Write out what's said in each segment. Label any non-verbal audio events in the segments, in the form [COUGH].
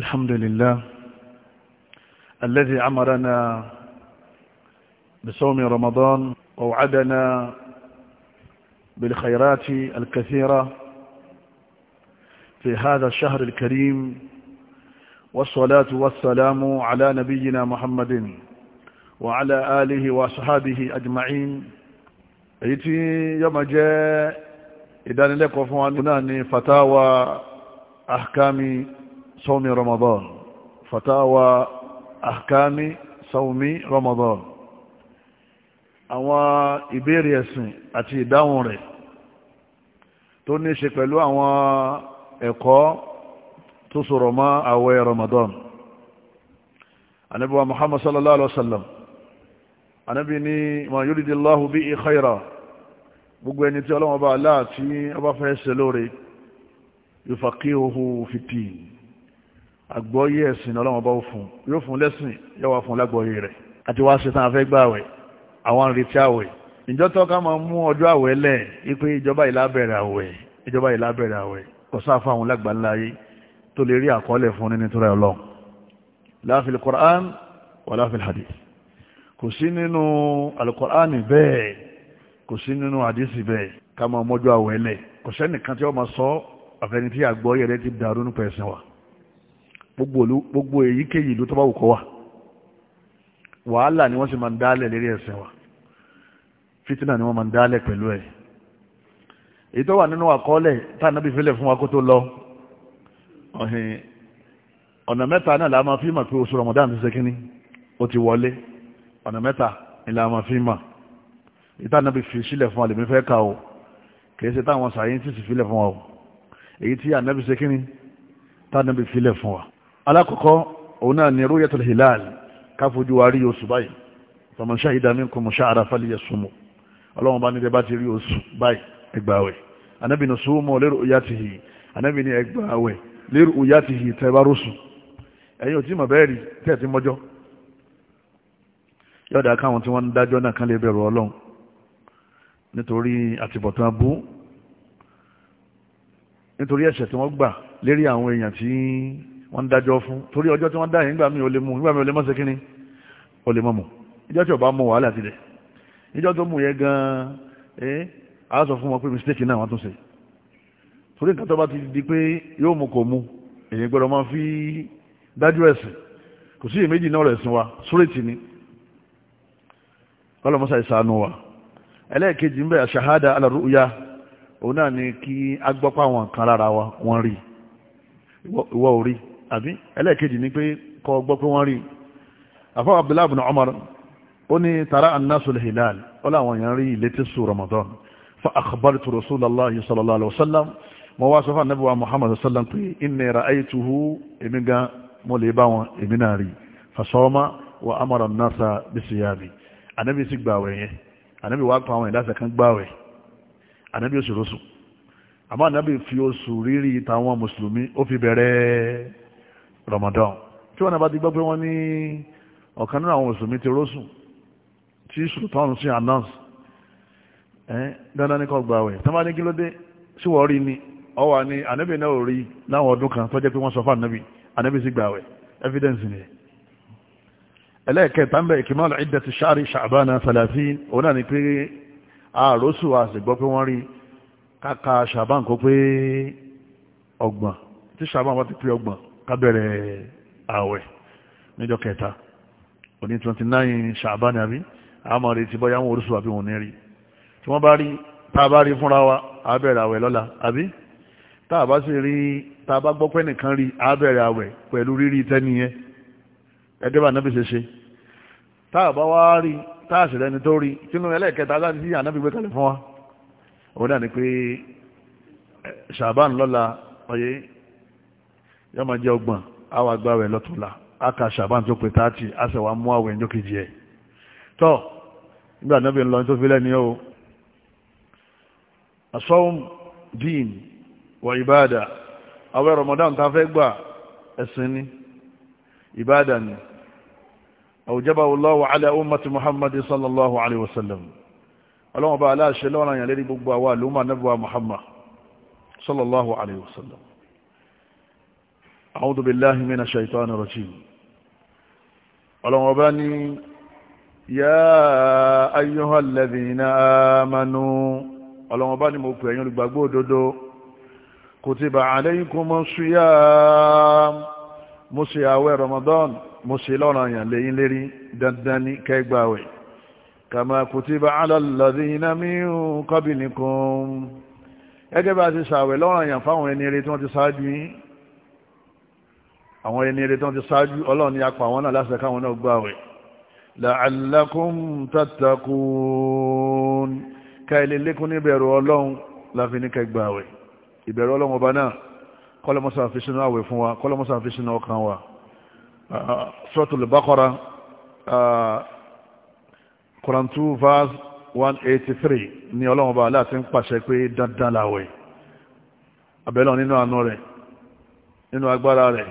الحمد لله الذي أمرنا بصوم رمضان ووعدنا بالخيرات الكثيرة في هذا الشهر الكريم والصلاة والسلام على نبينا محمد وعلى آله وصحابه أجمعين ايتي يوم جاء إذا لكم فوانا فتاوى أحكام صوم رمضان فتاوى أحكام صوم رمضان àwọn ìbéèrè ẹ̀sìn àti ìdáhùn rẹ̀ tó ní ṣe pẹ̀lú àwọn ẹ̀kọ́ tó sọ̀rọ̀ mọ́ àwẹ̀ Ramadan anábíwa Muhammad sallallahu alaihi wasallam anábí ni ma yuridillahu bihi khaira gbogbo ẹni tí ọlọ́wọ́ bá aláà tí ọba fẹ́ ṣe lóore yufaqihuhu fi ddin àgbọ́yé ẹ̀sìn ọlọ́wọ́n bá fún yóò fún lẹ́sìn yóò wá fún lágbọ́yé rẹ̀ àti wá ṣetán afẹ́ gbà àwẹ̀ àwọn àrètí àwẹ̀ ìjọ tó ká máa mú ọjọ́ àwẹ̀ lẹ̀ ipe ìjọba ìlábẹ̀rẹ̀ àwẹ̀ ìjọba ìlábẹ̀rẹ̀ àwẹ̀ kò sáfà àwọn lágbàláyé tó lè rí àkọọ́lẹ̀ fún ní nítorí ọlọ́run láàfin Qur'an wà láàfin hadith kò sí nínú alukur'ani bẹ́ẹ̀ kò sí nínú hadisi bẹ́ẹ̀ ká máa mọ́jọ́ àwẹ̀ lẹ̀ kò sẹ́nìkan tí wọ́n máa sọ àfẹnití àgbọ́yé rẹ̀ ti dàrú nípa ẹ̀sìn wa gbogbo èyíkéyìí ìlú tó bá wù kó wà wàhálà ni wọ́n sì máa ń dálẹ̀ lérí ẹ̀sìn wa fìtínà ni wọ́n máa ń dálẹ̀ pẹ̀lú ẹ̀ èyí tó wà nínú àkọọ́lẹ̀ tánàbí fílẹ̀ fún wa kó tó lọ ọ̀nà mẹ́ta náà la máa fi mà pé oṣù Ramadan ti ṣe kínní ó ti wọlé ọ̀nà mẹ́ta ni la máa fi mà ìtànàbí fi sílẹ̀ fún àlèmí fẹ́ ka o kìí ṣe táwọn sàyẹ́ntìsì filẹ̀ fún wa o èyí tí ànábì ṣe kínní tánàbí filẹ̀ fún wa alákọ̀ọ́kọ́ òun náà ni rúyẹ̀tul hilal káfojú wa rí oṣù báyìí faman shahida minkum shahra falyasumhu ọlọ́run bá ní bá ti rí oṣù báyìí ẹgbàáwẹ̀ anábì ní sumu liruyatihi anábì ní ẹgbàáwẹ̀ liruyatihi tẹ́bárọ́sù ẹ̀yin ò tí mọ̀ bẹ́ẹ̀ rí tẹ́ ti mọ́jọ́ yọ̀dà káwọn tí wọ́n ń dájọ́ náà kan nítorí ẹ̀ṣẹ̀ tí wọ́n gbà lérí àwọn èèyàn tí wọ́n dájọ́ fún torí ọjọ́ tí wọ́n dá yìí nígbà mi mú nígbà mi ò lè mọ́ sekínní ìjọ́ tí wàhálà sílẹ̀ ìjọ́ tó mú yẹ gan-an eh a sọ fún wọn pé mistake náà wọ́n tún ṣe torí nǹkan tó bá ti di pé yóò mú kò mú èyí gbọ́dọ̀ máa fi dájú ẹ̀sìn kò sí èméjì náà wa súrètì ni mọ́sá ìsànù wa ẹlẹ́ẹ̀kejì ń àbí ẹlẹ́ẹ̀kejì ni pé kọ gbọ́ pé wọ́n rí àfọ́ abdullahi ibn umar ó ní tara annasul hilal ó láwọn èèyàn rí ìlétísù ramadan fa akhbartu rasulallah sallallahu alaihi wasallam mo wá sọ fún anabi wa muhammad sallam pé inni ra'aytuhu èmi gan mo lè bá wọn èmi náà rí fasọ́ọ́mà wa amara nasa bisiyami anabi sì gbàwẹ̀ yẹn anabi wá pa àwọn ìdásẹ̀ fi oṣù Ramadan tí wọ́n náà bá ti gbọ́ pé wọ́n ní ọ̀kan nínú àwọn mùsùlùmí ti rósùn tí sultan sí announce ẹ́ dandan ní kọ́ gba àwẹ̀ tó bá ní kí ló dé sí wọ́n rí ni ọwà ni ànábì náà ò rí láwọn ọdún kan tó jẹ́ pé wọ́n sọ fún ànábì ànábì sì gba àwẹ̀ evidence ni ẹlẹ́ẹ̀kẹta ń bẹ ìkìmọ́lù ìdẹ̀tì sáàrí ṣàbánà sàlàfín òun náà ni pé àròsù àṣìgbọ́ pé wọ́n rí kàkà ṣàbán kó pé ọgbọ̀n tí ṣàbán wọ́n ti pé ọgbọ̀n kábẹ̀rẹ̀ ààwẹ̀ níjọ́ kẹta òní 29 ṣàbáni àbí àmọ́ rẹ̀ ti bọ́yá wọn orísun àbí wọn ní rí tí wọ́n bá rí tá a bá rí fúnra wa a bẹ̀rẹ̀ àwẹ̀ lọ́la àbí tá a bá sì rí tá a bá gbọ́ pé nìkan rí a bẹ̀rẹ̀ àwẹ̀ pẹ̀lú rírí tẹ́ni yẹn ẹgbẹ́ bá nábì ṣe ṣe tá bá wá rí tá sì rẹni tó rí tínú ẹlẹ́ẹ̀kẹta láti sí ànábì gbé kalẹ̀ fún wa òun náà ni pé ṣàbáni lọ́la ọ̀yẹ́ yóò máa jẹ́ ọgbọ̀n àwọn agbáwẹ̀ lọ́tọ̀ọ̀la aka ṣàbán tó pé táàtì a sì wá mú àwẹ̀ ẹjọ́ kejì ẹ̀ tọ́ nígbà náà bí n lọ tó fi lẹ́ni o asọ́hùn dín wọ ìbáàdà àwẹ̀ Ramadan tá a fẹ́ gbà ẹ̀sìn ni ìbáàdà ni àwùjábà Allahu ala ummati Muhammad sallallahu alayhi wa sallam ọlọ́wọ́n bá aláṣẹ lọ́rọ̀ yàn lérí gbogbo àwa àlùmọ́ anábíwá Muhammad sallallahu alayhi wa sallam A'udhu billahi minash shaitani rajim ọlọ́wọ́ bá ní yá ayyuhal ladhina amanu ọlọ́wọ́ bá ní mo pè ẹ̀yin olùgbàgbọ́ òdodo kutiba alaykumus siyam mo ṣe àwẹ̀ Ramadan mo ṣe lọ́rọ̀ àyàn lẹ́yìn lérí dandan ní kẹgbàwẹ̀ kama kutiba alal ladhina min qablikum gẹ́gẹ́ bá ti ṣàwẹ̀ lọ́rọ̀ àyàn fáwọn ẹni eré tí wọ́n ti ṣáájú yìí àwọn ẹni eré tó ti ṣáájú ọlọ́run ni apá àwọn náà láṣẹ káwọn náà gbààwẹ̀ la'allakum tattaqun káìlè lékún ní ìbẹ̀rù ọlọ́run láfi ní kẹgbààwẹ̀ ìbẹ̀rù ọlọ́run ọba náà kọ́lọ́mọ́sá fi 183 ah, ah, ni ọlọ́run nínú agbára rẹ̀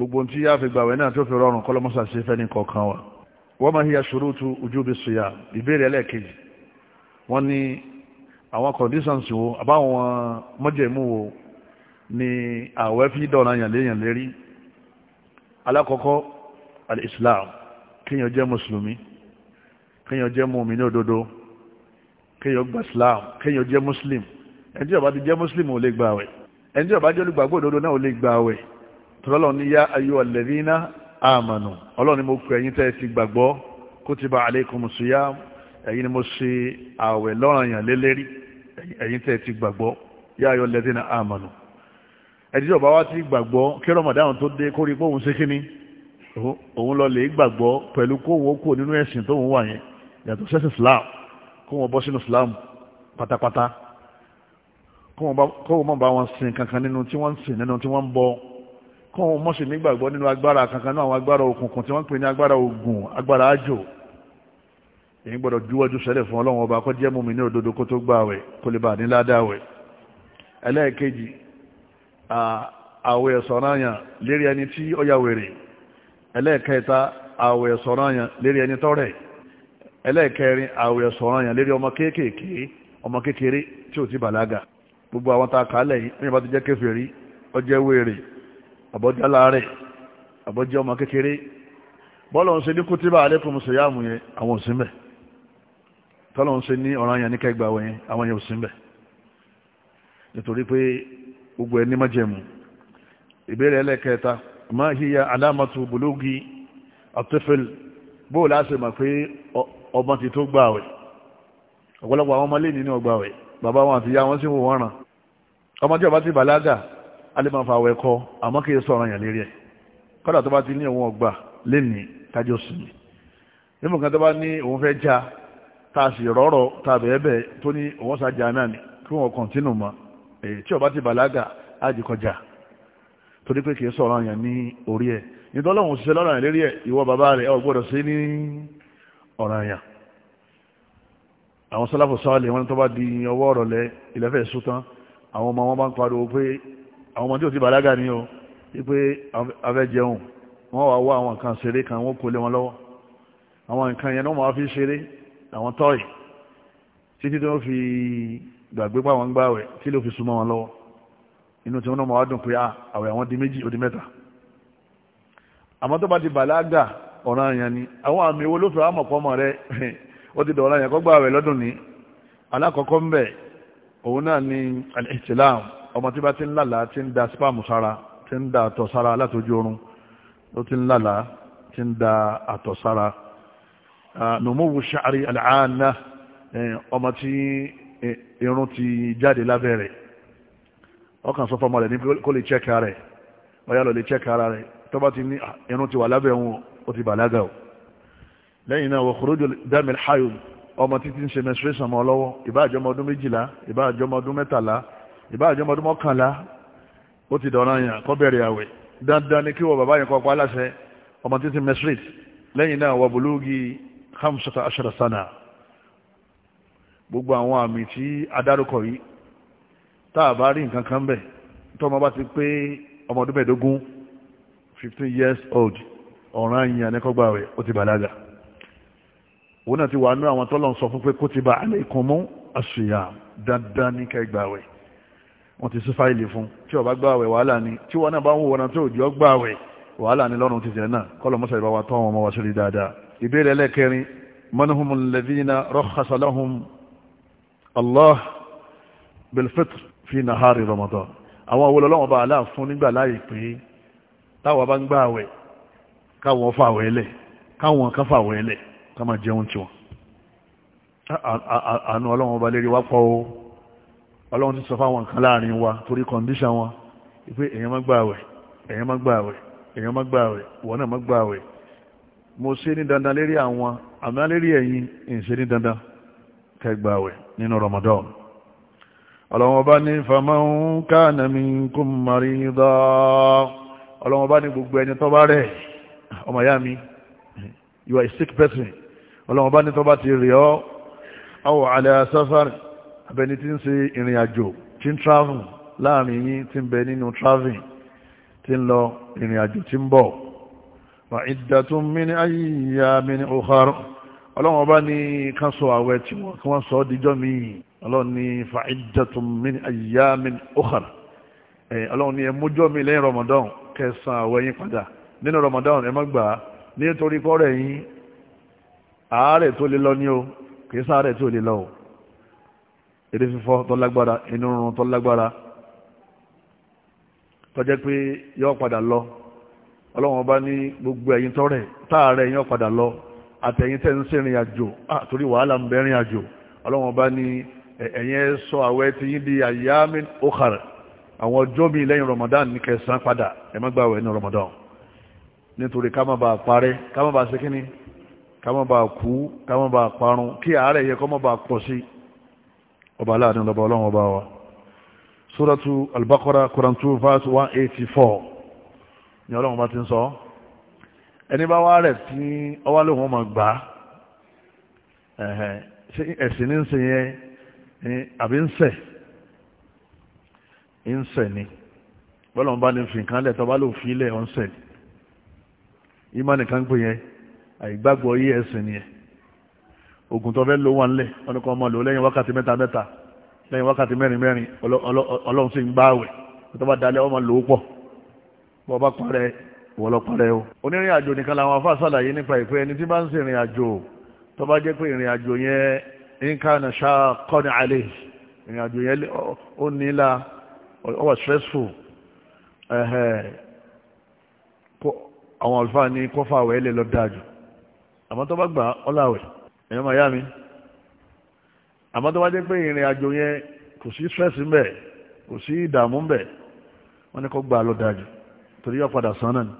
gbogbo tí yá fi gbàwẹ̀ náà tó fi rọrùn kọlọmọsà sí fẹ́ ní kọ̀ọ̀kan wa wa ma hiya shurutu ujubi siyam ìbéèrè ẹlẹ́ẹ̀kejì wọ́n ní àwọn conditions wo àbáwọn mọ́jẹ̀mú wo ni àwẹ̀ fi dọ̀nà yànléyàn lérí alákọ̀ọ́kọ́ al-islam kíyàn jẹ́ mùsùlùmí kíyàn jẹ́ mùmínì òdodo kíyàn gba islam kíyàn jẹ́ muslim ẹni tí ó bá ti jẹ́ muslim ò lè gbàwẹ̀ ẹni tí ó jẹ́ olùgbàgbọ́ òdodo náà ò lè gbàwẹ̀ tọ́lọ́ ní yá ayọ́ alladhina amanu ọlọ́run ni mo pè ẹ̀yin tẹ́ ẹ ti gbàgbọ́ kutiba alaykum siyam ẹ̀yin ni mo ṣe ààwẹ̀ lọ́ranyàn lélẹ́rí ẹ̀yin tẹ́ ẹ ti gbàgbọ́ yá ayọ́ alladhina amanu ẹ̀díjọ́ bá wá ti gbàgbọ́ kí Ramadan tó dé kórìí pé òun ṣe kíní òun lọ lè gbàgbọ́ pẹ̀lú kóhùn kò nínú ẹ̀sìn tóun wà yẹn yàtọ̀ sẹ́sìn Islam kóhùn bọ́ sínú Islam pátápátá kóhùn má bá wọn sìn kankan nínú tí wọ́n ń sìn nínú tí wọ́n ń bọ́ kọ́ wọn mọ́ṣe nígbàgbọ́ nínú agbára kankan náà àwọn agbára òkùnkùn tí wọ́n pè ní agbára ogun agbára ajo èyí gbọ́dọ̀ dúwọ́jú sẹ́lẹ̀ fún ọlọ́run ọba kó jẹ́ mùmínì òdodo kó tó gbààwẹ̀ kó lè bà ní ládàáwẹ̀ ẹlẹ́ẹ̀kejì àwẹ̀ sọ̀ranyàn lérí ẹni tí ó ya wèrè ẹlẹ́ẹ̀kẹta àwẹ̀ sọ̀ranyàn lérí ẹni tọ́rẹ̀ àbọ́já láàrẹ̀ àbọ́já ọmọ kékeré bọ́lọ̀ ń ṣe ní kútíbà alẹ́kùn sọ̀yàmù yẹn àwọn òsínbẹ̀ tọ́lọ̀ ń ṣe ní ọ̀ràn yẹn ní kẹgbà wọ̀nyẹn àwọn yẹn òsínbẹ̀ nítorí pé gbogbo ẹni májẹ̀mú ìbéèrè ẹlẹ́kẹta ma hiya alamatu bulugi atifil bóò láṣẹ mà pé ọmọ ti tó gbààwẹ̀ ọ̀pọ̀lọpọ̀ àwọn ọmọ lè nínú ọgbààwẹ̀ bàbá wọn àti ìyá wọn alẹ́mọ̀ fa awẹ́ kọ́ àmọ́ kí yẹ sọ̀rọ̀ yàn lérí ẹ̀ kọ́dà tó bá ti ní òun ọgbà lẹ́nìí kájọ sinmi nínú kan tó bá ní òun fẹ́ já tá a sì rọ́rọ̀ tá a bẹ̀ẹ́ bẹ̀ tó ní òun sá já náà ni kí wọ́n kọ̀ntínù mọ́ èyí tí ó ti bàlágà á di kọjá torí pé kì í sọ̀rọ̀ yàn ní orí ẹ̀ nítorí òun ṣiṣẹ́ lọ́rọ̀ yàn lérí ẹ̀ ìwọ bàbá rẹ̀ ọ̀ gbọ́dọ̀ sí ní ọ̀rọ̀ yàn àwọn sálàfọ̀ sọ́ọ̀lì wọn tó bá di ọwọ́ ọ̀rọ̀ lẹ ilẹ̀fẹ́ sùtán àwọn ọmọ wọn bá ń pariwo pé àwọn ọmọ tí ò ti bàlágà ní o wípé afẹ́jẹun wọ́n wá wá àwọn nǹkan ṣeré kan wọ́n kó lé wọn lọ́wọ́ àwọn nǹkan yẹn náà wọ́n fi ṣeré àwọn tọ́ì títí tí wọ́n fi gbàgbé pa àwọn gbààwẹ̀ tí ló fi súnmọ́ wọn lọ́wọ́ inú tí wọ́n náà wá dùn pé ah, àwẹ̀ àwọn di méjì ó di mẹ́ta àmọ́ tó bá ti bàlágà ọ̀ràn yẹn ni àwọn àmì owó ló fẹ́ wá rẹ [LAUGHS] ó ti dọ̀ràn yẹn kó gbààwẹ̀ lọ́dún ní alákọ̀ọ́kọ́ ń òun náà ni al-ihtilam ọmọ tí bá ti ń lálàá ti ń da spam sára ti ń da àtọ̀ sára látojú oorun ó ti ń lálàá ti ń da àtọ̀ sára nùmúwù ṣàárí àlàáná ọmọ tí irun ti jáde lábẹ́rẹ̀ ọkàn sọ fọmọ rẹ̀ ní kó lè chẹ́ka rẹ̀ ọyá lọ lè chẹ́ka ara rẹ̀ tó bá ti ní irun ti wà lábẹ́ òun ó ti bàlágà o lẹ́yìn náà wọ́n kúròjò dámẹ́lì háyò ọmọ títí ń ṣe menstruation mọ́ lọ́wọ́ ìbá àjọmọ méjìlá ìbá àjọmọ ọdún mẹ́tàlá ìbáàjọ́ ọmọdún mọ́kànlá ó ti dọ̀ràn yàn kọ́ bẹ̀rẹ̀ àwẹ̀ dandan ni kí wọ́n bàbá yẹn kọ́ pa aláṣẹ ọmọ títí mesrit lẹ́yìn náà wà bùlúgi hamsata ashara sana gbogbo àwọn àmì tí adárúkọ yìí tá a bá rí nǹkan kan bẹ̀ tọ́mọ bá ti pé ọmọ ọdún fifteen years old ọ̀ràn yàn ní kọ́gbà rẹ̀ ó ti bàlágà òun náà ti wà nú àwọn tọ́lọ̀ ń sọ fún pé kó ti bá àlẹ́ ìkànmú àṣùyà dandan ní kẹgbà rẹ̀ wọ́n ti sí fáìlì fún tí ó bá gbààwẹ̀ wàhálà ni tí wọ́n náà bá ń wò wọn tí òjò gbààwẹ̀ wàhálà ni lọ́rùn ti tẹ̀ náà kọ́lọ̀ mọ́sà ìbá wa tọ́ wọn ọmọ wa sórí dáadáa ìbéèrè ẹlẹ́kẹrin manhum alladhina rakhasa lahum Allah bilfitr fi nahari Ramadan àwọn àwọn olólọ́wọ́ bá aláà fún nígbà láàyè pé táwọn bá ń gbààwẹ̀ káwọn fàwẹ̀ ẹlẹ̀ káwọn kan fàwẹ̀ ẹlẹ̀ ká máa jẹun tiwọn àánú ọlọ́wọ́ ọlọ́run ti sọ fáwọn nǹkan láàrin wa torí kọ̀ǹdíṣàn wọn pé èèyàn má gbààwẹ̀ èèyàn má gbààwẹ̀ èèyàn má gbààwẹ̀ wọ́n náà má gbààwẹ̀ mo ṣe ní dandan lérí àwọn àmì lérí ẹ̀yin ìṣe ní dandan kẹgbààwẹ̀ nínú Ramadan ọlọ́run ọba ní faman kana minkum marida ọlọ́run ọba ní gbogbo ẹni tó bá rẹ̀ ọmọ ìyá mi you are a sick person ọlọ́run ọba ní tó bá ti rẹ̀ ọ́ aw ala safar abẹni tí ń ṣe ìrìn àjò tí ń travel láàrin yín tí ń bẹ nínú traveling tí ń lọ ìrìn àjò tí ń bọ̀ wà ìdàtún mini ayíyá mini ọ̀hárọ̀ ọlọ́run ọba ní kán sọ àwẹ̀ tí wọ́n kí wọ́n sọ ọ́ díjọ́ míì ọlọ́run ní fa ìdàtún mini ayíyá mini ọ̀hárọ̀ ọlọ́run ní ẹmújọ́ mi lẹ́yìn Ramadan kẹsàn àwẹ̀ yín padà nínú Ramadan ẹ má gbà á nítorí kọ́rẹ̀ yín àárẹ̀ tó lè lọ ní o kìí sáárẹ̀ tó lè lọ o eré fífọ́ tó lágbára inú run tó lágbára tó jẹ́ pé yọ́ padà lọ ọlọ́wọ́n bá ní gbogbo ẹ̀yin tọ́rẹ̀ táàrẹ̀ yọ́ padà lọ àtẹ̀yìn tẹ́ ń sẹ́rin àjò torí wàhálà ń bẹ́rin àjò ọlọ́wọ́n bá ní ẹ̀yin sọ àwẹ̀ tí yín di àyàmín okhar àwọn ọjọ́ mi lẹ́yìn Ramadan ní kẹsàn padà ẹ̀ má gbà wẹ̀ ní Ramadan nítorí ká má bàa parẹ́ ká má bàa ṣe kíni ká má bàa kú ká má bàa parun kí àárẹ̀ yẹ kó má bàa pọ̀ sí i ọba aláàdín lọ́ba ọlọ́run ọba wa suratu al-Baqara Quran two verse 184. eighty four ni ọlọ́run bá ti ń sọ ẹni bá wá rẹ̀ tí ọwá lóhun ọmọ gbà ẹ̀sìn ní ń yẹn àbí ń sẹ̀ ń sẹ̀ ni bọ́lọ̀ bá ní fìkan lẹ̀ tọ́ba ló fi lẹ̀ ọ̀ ń sẹ̀ ni ìmọ̀ nìkan gbé yẹn àìgbàgbọ́ yí ẹ̀sìn ni yẹn ogun tó fẹ́ ló wà ńlẹ̀ wọn ni kò mọ̀ lò lẹ́yìn wákàtí mẹ́ta mẹ́ta lẹ́yìn wákàtí mẹ́rin mẹ́rin ọlọ́run sì ń gbá àwẹ̀ tó bá dalẹ̀ ọmọ lò ó pọ̀ bọ́ bá parẹ́ ìwọ lọ parẹ́ o. onírìn àjò nìkan làwọn afá sàlàyé nípa ìpè ẹni tí bá ń sin ìrìn àjò tó bá jẹ́ pé ìrìn àjò yẹn nǹkan àṣà kọ́ni àlè ìrìn àjò yẹn ó nílà ó wà stressful àwọn àlùfáà ní kọ́fà àwẹ̀ lè lọ dáa jù àmọ́ tó bá gbà ọ́ láwẹ̀ ẹ̀yọ́ máa yá mi àmọ́ tó wá dé pé ìrìn àjò yẹn kò sí stress ńbẹ̀ kò sí ìdààmú ńbẹ̀ wọ́n ní kó gbà lọ dájú torí yóò padà san náà ni